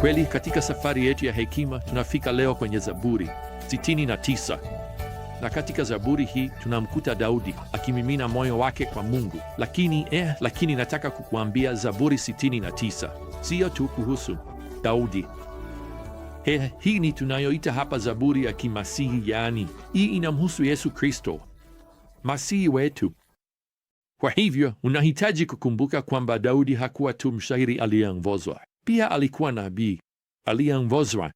Kweli katika safari yetu ya hekima tunafika leo kwenye Zaburi 69 na na katika Zaburi hii tunamkuta Daudi akimimina moyo wake kwa Mungu. Lakini eh, lakini nataka kukuambia Zaburi 69 siyo tu kuhusu Daudi. He, hii ni tunayoita hapa Zaburi ya Kimasihi, yaani hii inamhusu Yesu Kristo masihi wetu. Kwa hivyo unahitaji kukumbuka kwamba Daudi hakuwa tu mshairi aliyeongozwa pia alikuwa nabii aliyeongozwa.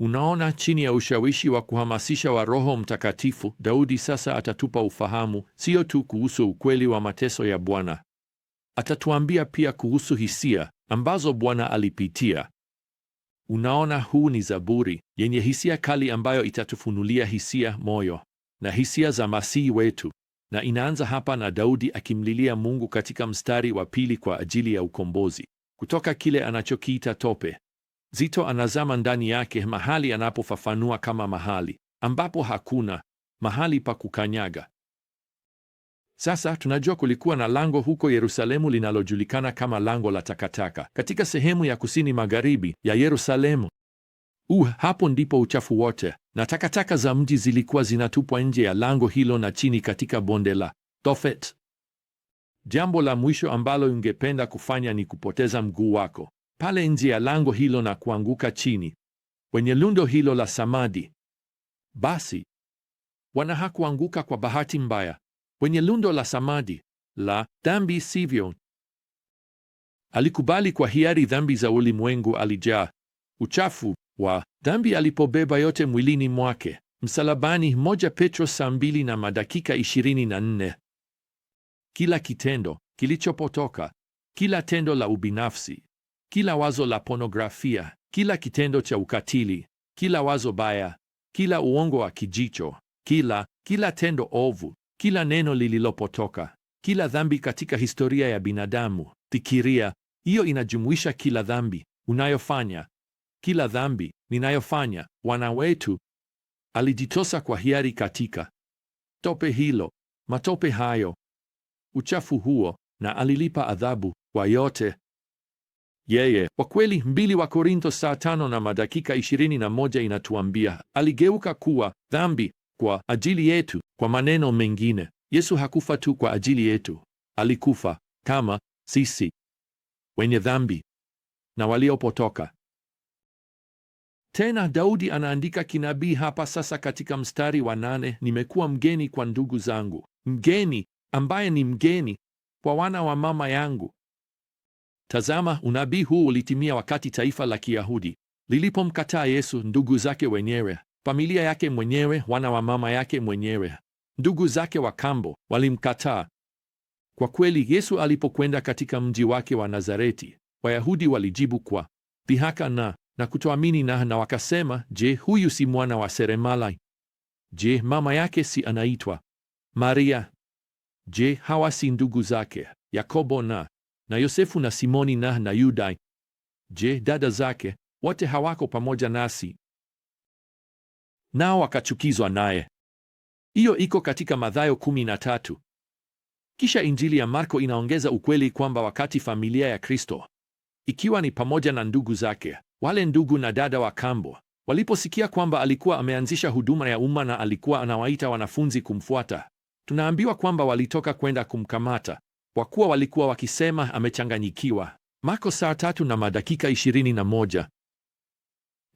Unaona, chini ya ushawishi wa kuhamasisha wa Roho Mtakatifu, Daudi sasa atatupa ufahamu sio tu kuhusu ukweli wa mateso ya Bwana, atatuambia pia kuhusu hisia ambazo Bwana alipitia. Unaona, huu ni zaburi yenye hisia kali ambayo itatufunulia hisia, moyo na hisia za masihi wetu, na inaanza hapa na Daudi akimlilia Mungu katika mstari wa pili kwa ajili ya ukombozi kutoka kile anachokiita tope. Zito anazama ndani yake, mahali anapofafanua kama mahali ambapo hakuna mahali pa kukanyaga. Sasa tunajua kulikuwa na lango huko Yerusalemu linalojulikana kama lango la takataka katika sehemu ya kusini magharibi ya Yerusalemu. Uh, hapo ndipo uchafu wote na takataka za mji zilikuwa zinatupwa nje ya lango hilo na chini katika bonde la Tofet. Jambo la mwisho ambalo ungependa kufanya ni kupoteza mguu wako pale nje ya lango hilo na kuanguka chini kwenye lundo hilo la samadi. Basi Bwana hakuanguka kwa bahati mbaya kwenye lundo la samadi la dhambi, sivyo? Alikubali kwa hiari dhambi za ulimwengu. Alijaa uchafu wa dhambi alipobeba yote mwilini mwake msalabani. Moja Petro saa mbili na madakika ishirini na nne kila kitendo kilichopotoka, kila tendo la ubinafsi, kila wazo la ponografia, kila kitendo cha ukatili, kila wazo baya, kila uongo wa kijicho, kila kila tendo ovu, kila neno lililopotoka, kila dhambi katika historia ya binadamu. Fikiria, hiyo inajumuisha kila dhambi unayofanya, kila dhambi ninayofanya. Bwana wetu alijitosa kwa hiari katika tope hilo, matope hayo uchafu huo na alilipa adhabu kwa yote yeye. Kwa kweli, mbili wa Korintho saa tano na madakika ishirini na moja inatuambia aligeuka kuwa dhambi kwa ajili yetu. Kwa maneno mengine, Yesu hakufa tu kwa ajili yetu, alikufa kama sisi wenye dhambi na waliopotoka. Tena Daudi anaandika kinabii hapa sasa katika mstari wa nane, nimekuwa mgeni kwa ndugu zangu, mgeni ambaye ni mgeni kwa wana wa mama yangu. Tazama, unabii huu ulitimia wakati taifa la Kiyahudi lilipomkataa Yesu, ndugu zake wenyewe, familia yake mwenyewe, wana wa mama yake mwenyewe, ndugu zake wa kambo walimkataa. Kwa kweli, Yesu alipokwenda katika mji wake wa Nazareti, Wayahudi walijibu kwa dhihaka na na kutoamini na na wakasema, je, huyu si mwana wa seremala? Je, mama yake si anaitwa Maria? Je, hawa si ndugu zake Yakobo na na Yosefu na Simoni na na Yuda? Je, dada zake wote hawako pamoja nasi? Nao wakachukizwa naye. Hiyo iko katika Mathayo 13. Kisha Injili ya Marko inaongeza ukweli kwamba wakati familia ya Kristo ikiwa ni pamoja na ndugu zake, wale ndugu na dada wa kambo waliposikia kwamba alikuwa ameanzisha huduma ya umma na alikuwa anawaita wanafunzi kumfuata, Tunaambiwa kwamba walitoka kwenda kumkamata kwa kuwa walikuwa wakisema amechanganyikiwa. Marko saa tatu na madakika ishirini na moja.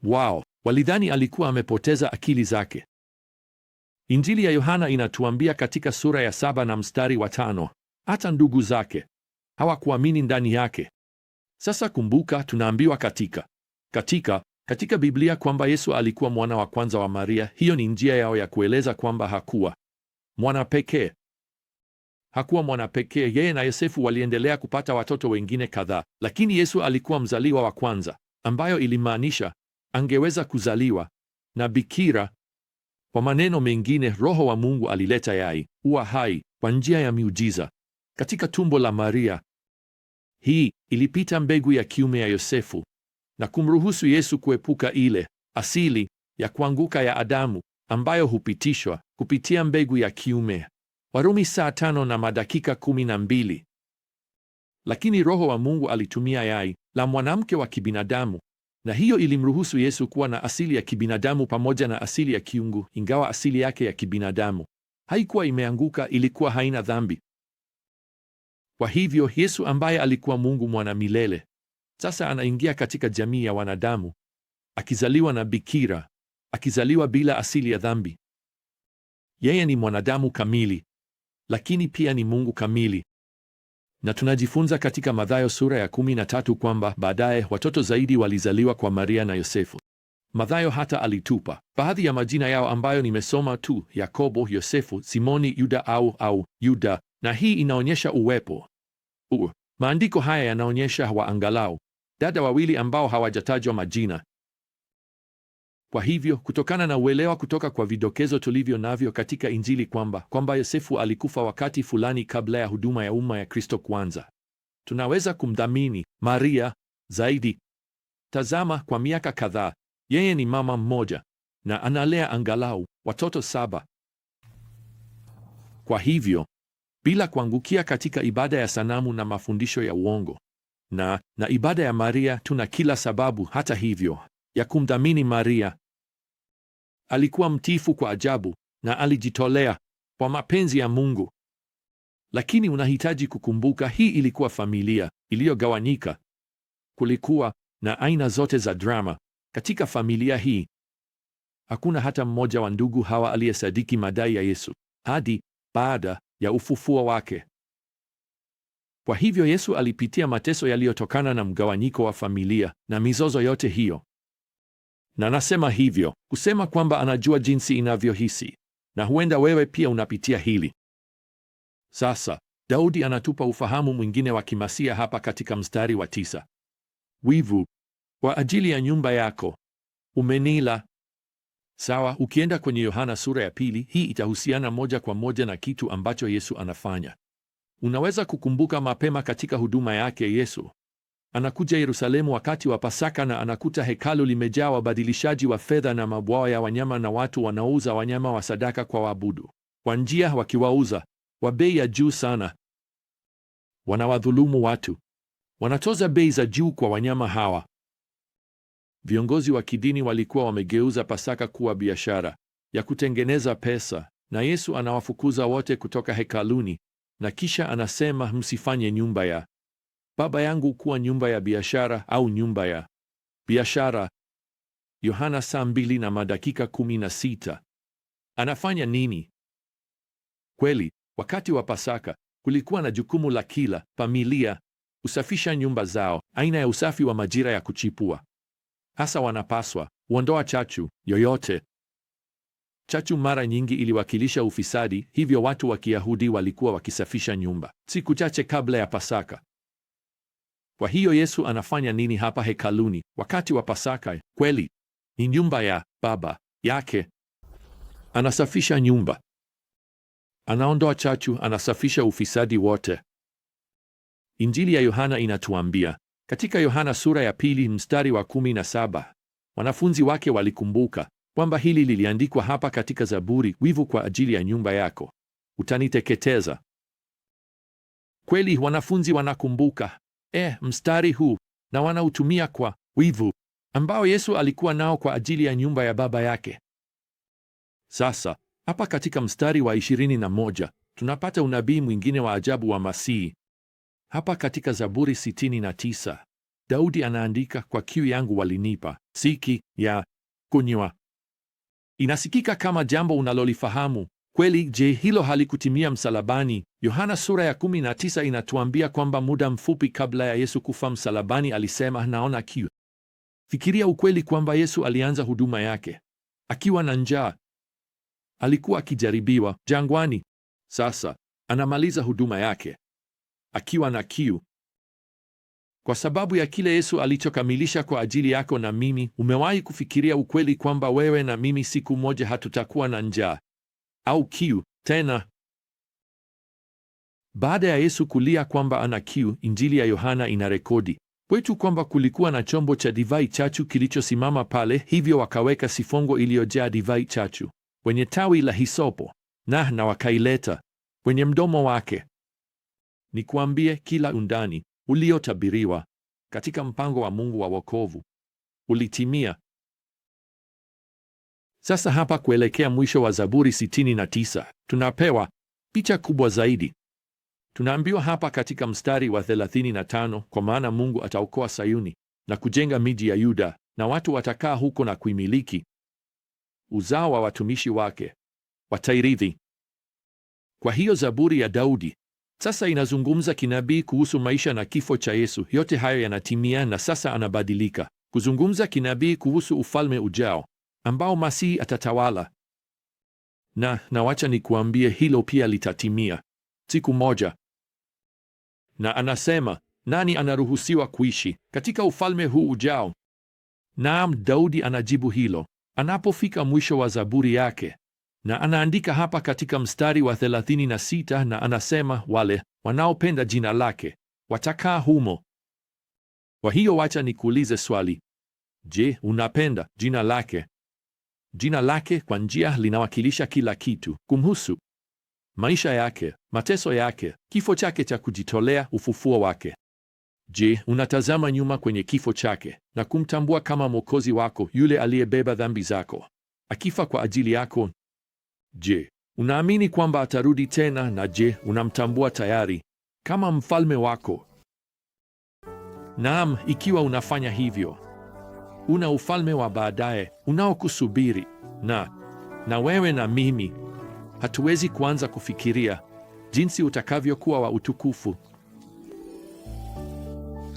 Wao walidhani alikuwa amepoteza akili zake. Injili ya Yohana inatuambia katika sura ya saba na mstari wa tano, hata ndugu zake hawakuamini ndani yake. Sasa kumbuka, tunaambiwa katika katika katika Biblia kwamba Yesu alikuwa mwana wa kwanza wa Maria. Hiyo ni njia yao ya kueleza kwamba hakuwa pekee. Hakuwa mwanapekee yeye na Yosefu waliendelea kupata watoto wengine kadhaa, lakini Yesu alikuwa mzaliwa wa kwanza, ambayo ilimaanisha angeweza kuzaliwa na bikira. Kwa maneno mengine, Roho wa Mungu alileta yai uwa hai kwa njia ya miujiza katika tumbo la Maria. Hii ilipita mbegu ya kiume ya Yosefu na kumruhusu Yesu kuepuka ile asili ya kuanguka ya Adamu ambayo hupitishwa kupitia mbegu ya kiume. Warumi saa tano na madakika kumi na mbili. Lakini Roho wa Mungu alitumia yai la mwanamke wa kibinadamu, na hiyo ilimruhusu Yesu kuwa na asili ya kibinadamu pamoja na asili ya kiungu, ingawa asili yake ya kibinadamu haikuwa imeanguka, ilikuwa haina dhambi. Kwa hivyo Yesu ambaye alikuwa Mungu mwana milele sasa anaingia katika jamii ya wanadamu akizaliwa na bikira akizaliwa bila asili ya dhambi. Yeye ni mwanadamu kamili, lakini pia ni Mungu kamili. Na tunajifunza katika Mathayo sura ya 13 kwamba baadaye watoto zaidi walizaliwa kwa Maria na Yosefu. Mathayo hata alitupa baadhi ya majina yao ambayo nimesoma tu: Yakobo, Yosefu, Simoni, Yuda au au Yuda, na hii inaonyesha uwepo u. Maandiko haya yanaonyesha waangalau dada wawili ambao hawajatajwa majina kwa hivyo kutokana na uelewa kutoka kwa vidokezo tulivyo navyo katika Injili kwamba kwamba Yosefu alikufa wakati fulani kabla ya huduma ya umma ya Kristo kwanza tunaweza kumdhamini Maria zaidi. Tazama, kwa miaka kadhaa yeye ni mama mmoja na analea angalau watoto saba. Kwa hivyo bila kuangukia katika ibada ya sanamu na mafundisho ya uongo na na ibada ya Maria, tuna kila sababu hata hivyo ya kumdhamini Maria Alikuwa mtifu kwa ajabu na alijitolea kwa mapenzi ya Mungu. Lakini unahitaji kukumbuka, hii ilikuwa familia iliyogawanyika. Kulikuwa na aina zote za drama katika familia hii. Hakuna hata mmoja wa ndugu hawa aliyesadiki madai ya Yesu hadi baada ya ufufuo wake. Kwa hivyo Yesu alipitia mateso yaliyotokana na mgawanyiko wa familia na mizozo yote hiyo na nasema hivyo kusema kwamba anajua jinsi inavyohisi, na huenda wewe pia unapitia hili. Sasa Daudi anatupa ufahamu mwingine wa kimasia hapa katika mstari wa tisa: wivu kwa ajili ya nyumba yako umenila. Sawa, ukienda kwenye Yohana sura ya pili, hii itahusiana moja kwa moja na kitu ambacho Yesu anafanya. Unaweza kukumbuka mapema katika huduma yake Yesu Anakuja Yerusalemu wakati wa Pasaka na anakuta hekalu limejaa wabadilishaji wa fedha na mabwawa ya wanyama na watu wanaouza wanyama wa sadaka kwa waabudu, kwa njia wakiwauza kwa bei ya juu sana. Wanawadhulumu watu, wanatoza bei za juu kwa wanyama hawa. Viongozi wa kidini walikuwa wamegeuza Pasaka kuwa biashara ya kutengeneza pesa, na Yesu anawafukuza wote kutoka hekaluni, na kisha anasema msifanye nyumba ya baba yangu kuwa nyumba ya biashara au nyumba ya biashara. Yohana saa mbili na madakika kumi na sita. Anafanya nini? Kweli, wakati wa Pasaka kulikuwa na jukumu la kila familia usafisha nyumba zao, aina ya usafi wa majira ya kuchipua. Hasa wanapaswa uondoa chachu yoyote. Chachu mara nyingi iliwakilisha ufisadi, hivyo watu wa Kiyahudi walikuwa wakisafisha nyumba siku chache kabla ya Pasaka. Kwa hiyo Yesu anafanya nini hapa hekaluni wakati wa Pasaka? Kweli ni nyumba ya Baba yake. Anasafisha nyumba, anaondoa chachu, anasafisha ufisadi wote. Injili ya Yohana inatuambia katika Yohana sura ya pili mstari wa 17 wanafunzi wake walikumbuka kwamba hili liliandikwa hapa katika Zaburi, wivu kwa ajili ya nyumba yako utaniteketeza. Kweli wanafunzi wanakumbuka e mstari huu na wanautumia kwa wivu ambao Yesu alikuwa nao kwa ajili ya nyumba ya baba yake. Sasa hapa katika mstari wa 21 tunapata unabii mwingine wa ajabu wa Masihi. Hapa katika Zaburi 69 Daudi anaandika, kwa kiu yangu walinipa siki ya kunywa. Inasikika kama jambo unalolifahamu Kweli, je, hilo halikutimia msalabani? Yohana sura ya 19 inatuambia kwamba muda mfupi kabla ya Yesu kufa msalabani alisema, naona kiu. Fikiria ukweli kwamba Yesu alianza huduma yake akiwa na njaa. Alikuwa akijaribiwa jangwani. Sasa anamaliza huduma yake akiwa na kiu. Kwa sababu ya kile Yesu alichokamilisha kwa ajili yako na mimi, umewahi kufikiria ukweli kwamba wewe na mimi siku moja hatutakuwa na njaa? au kiu tena. Baada ya Yesu kulia kwamba ana kiu, Injili ya Yohana inarekodi kwetu kwamba kulikuwa na chombo cha divai chachu kilichosimama pale, hivyo wakaweka sifongo iliyojaa divai chachu kwenye tawi la hisopo na na wakaileta kwenye mdomo wake. Nikuambie, kila undani uliotabiriwa katika mpango wa Mungu wa wokovu ulitimia. Sasa hapa kuelekea mwisho wa Zaburi 69 tunapewa picha kubwa zaidi. Tunaambiwa hapa katika mstari wa 35, kwa maana Mungu ataokoa Sayuni na kujenga miji ya Yuda, na watu watakaa huko na kuimiliki, uzao wa watumishi wake watairithi. Kwa hiyo Zaburi ya Daudi sasa inazungumza kinabii kuhusu maisha na kifo cha Yesu. Yote hayo yanatimia, na sasa anabadilika kuzungumza kinabii kuhusu ufalme ujao ambao Masihi atatawala. Na nawacha nikuambie, hilo pia litatimia siku moja. Na anasema nani anaruhusiwa kuishi katika ufalme huu ujao? Naam, Daudi anajibu hilo anapofika mwisho wa Zaburi yake, na anaandika hapa katika mstari wa 36 na anasema, wale wanaopenda jina lake watakaa humo. Kwa hiyo wacha nikuulize swali. Je, unapenda jina lake? Jina lake kwa njia linawakilisha kila kitu kumhusu: maisha yake, mateso yake, kifo chake cha kujitolea, ufufuo wake. Je, unatazama nyuma kwenye kifo chake na kumtambua kama Mwokozi wako, yule aliyebeba dhambi zako akifa kwa ajili yako? Je, unaamini kwamba atarudi tena? Na je, unamtambua tayari kama mfalme wako? Naam, ikiwa unafanya hivyo una ufalme wa baadaye unaokusubiri, na na wewe na mimi hatuwezi kuanza kufikiria jinsi utakavyokuwa wa utukufu.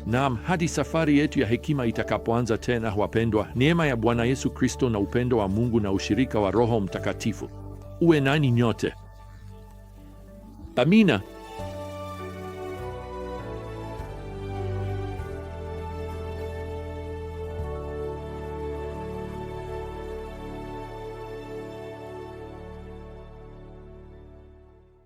Naam, hadi safari yetu ya hekima itakapoanza tena, wapendwa, neema ya Bwana Yesu Kristo na upendo wa Mungu na ushirika wa Roho Mtakatifu uwe nani nyote. Amina.